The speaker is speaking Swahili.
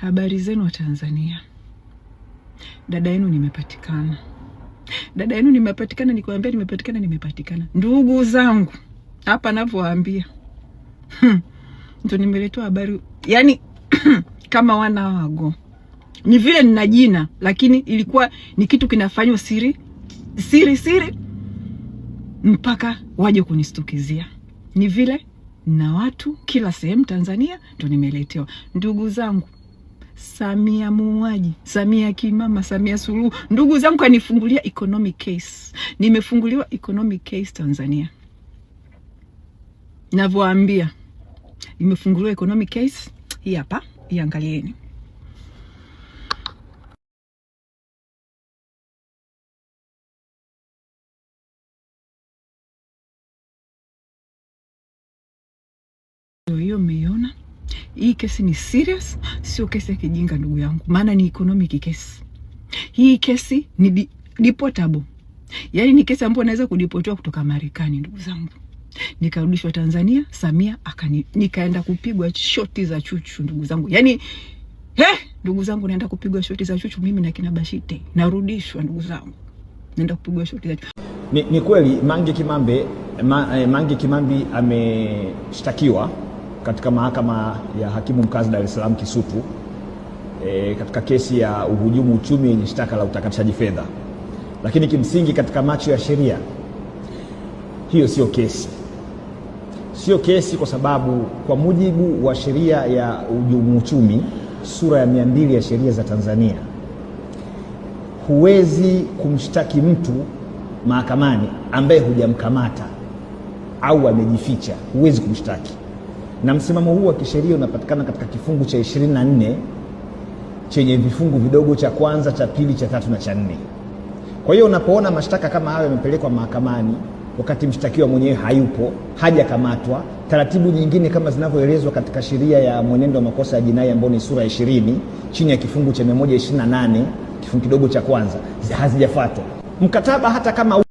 Habari zenu wa Tanzania, dada yenu nimepatikana, dada yenu nimepatikana, nikiwaambia nimepatikana, nimepatikana. Ndugu zangu hapa navyowaambia hmm. ndo nimeletewa habari yani kama wana wago ni vile nina jina lakini ilikuwa ni kitu kinafanywa siri siri siri mpaka waje kunistukizia. Ni vile na watu kila sehemu Tanzania ndo nimeletewa ndugu zangu. Samia muuaji, Samia kimama, Samia Suluhu. Ndugu zangu, kanifungulia economic case, nimefunguliwa economic case Tanzania navyoambia, imefunguliwa economic case hii hapa, iangalieni. Hiyo hiyo hii kesi ni serious, sio kesi ya kijinga ndugu yangu, maana ni economic case. Hii kesi ni di, deportable, yaani ni kesi ambayo naweza kudipotiwa kutoka Marekani ndugu zangu, nikarudishwa Tanzania, Samia akani, nikaenda kupigwa shoti za chuchu ndugu zangu, yaani he, ndugu zangu, naenda kupigwa shoti za chuchu mimi na kina Bashite, narudishwa ndugu zangu, naenda kupigwa shoti za chuchu. Ni, ni kweli Mange Kimambe ma, eh, Mange Kimambi ameshtakiwa katika mahakama ya hakimu mkazi Dar es Salaam Kisutu e, katika kesi ya uhujumu uchumi yenye shtaka la utakatishaji fedha, lakini kimsingi katika macho ya sheria hiyo sio kesi, sio kesi kwa sababu kwa mujibu wa sheria ya uhujumu uchumi sura ya mia mbili ya sheria za Tanzania huwezi kumshtaki mtu mahakamani ambaye hujamkamata au amejificha, huwezi kumshtaki na msimamo huu wa kisheria unapatikana katika kifungu cha 24 chenye vifungu vidogo cha kwanza, cha pili, cha tatu na cha nne. Kwa hiyo unapoona mashtaka kama hayo yamepelekwa mahakamani wakati mshtakiwa mwenyewe hayupo, hajakamatwa, taratibu nyingine kama zinavyoelezwa katika sheria ya mwenendo wa makosa ya jinai ambayo ni sura 20 chini ya kifungu cha 128 kifungu kidogo cha kwanza hazijafuatwa mkataba hata kama